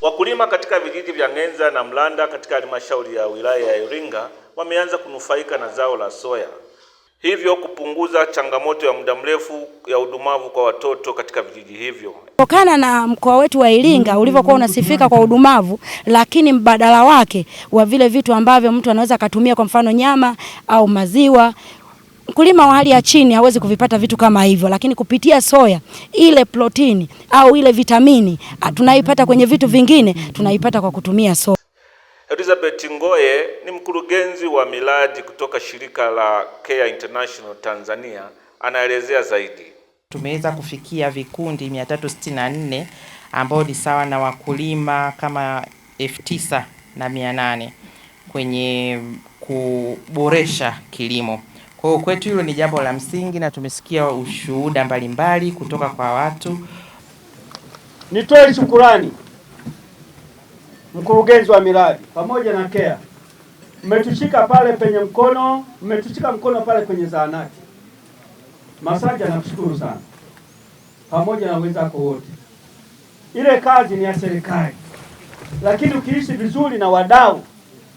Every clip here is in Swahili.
Wakulima katika vijiji vya Ng'enza na Mlanda katika halmashauri ya wilaya ya Iringa wameanza kunufaika na zao la soya, hivyo kupunguza changamoto ya muda mrefu ya udumavu kwa watoto katika vijiji hivyo. Kutokana na mkoa wetu wa Iringa ulivyokuwa unasifika kwa udumavu, lakini mbadala wake wa vile vitu ambavyo mtu anaweza akatumia, kwa mfano nyama au maziwa mkulima wa hali ya chini hawezi kuvipata vitu kama hivyo, lakini kupitia soya ile protini au ile vitamini ah, tunaipata kwenye vitu vingine, tunaipata kwa kutumia soya. Elizabeth Ngoye ni mkurugenzi wa miradi kutoka shirika la Care International Tanzania, anaelezea zaidi. Tumeweza kufikia vikundi 364 ambao ni sawa na wakulima kama elfu tisa na mia nane kwenye kuboresha kilimo. Kwa hiyo kwetu hilo ni jambo la msingi na tumesikia ushuhuda mbalimbali kutoka kwa watu. Nitoe shukurani mkurugenzi wa miradi pamoja na kea, mmetushika pale penye mkono, mmetushika mkono pale kwenye zahanati Masaja, nakushukuru sana pamoja na wenzako wote. Ile kazi ni ya serikali, lakini ukiishi vizuri na wadau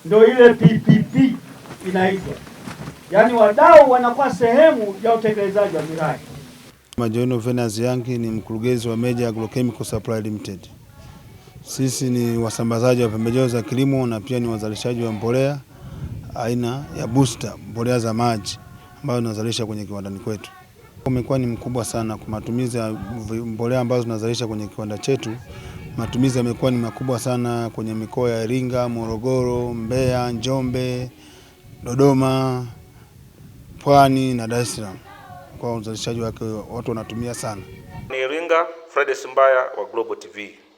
ndio ile PPP inaitwa yaani wadau wanakuwa sehemu ya utekelezaji wa miradi. Majoino Venus Yangi ni mkurugenzi wa Meja Agrochemical Supply Limited. Sisi ni wasambazaji wa pembejeo za kilimo na pia ni wazalishaji wa mbolea aina ya booster, mbolea za maji ambayo tunazalisha kwenye kiwandani kwetu. Umekuwa ni mkubwa sana kwa matumizi ya mbolea ambazo tunazalisha kwenye kiwanda chetu. Matumizi yamekuwa ni makubwa sana kwenye mikoa ya Iringa, Morogoro, Mbeya, Njombe, Dodoma. Pwani na Dar es Salaam kwa uzalishaji wake, watu wanatumia sana. Ni Iringa, Fred Simbaya wa Global TV.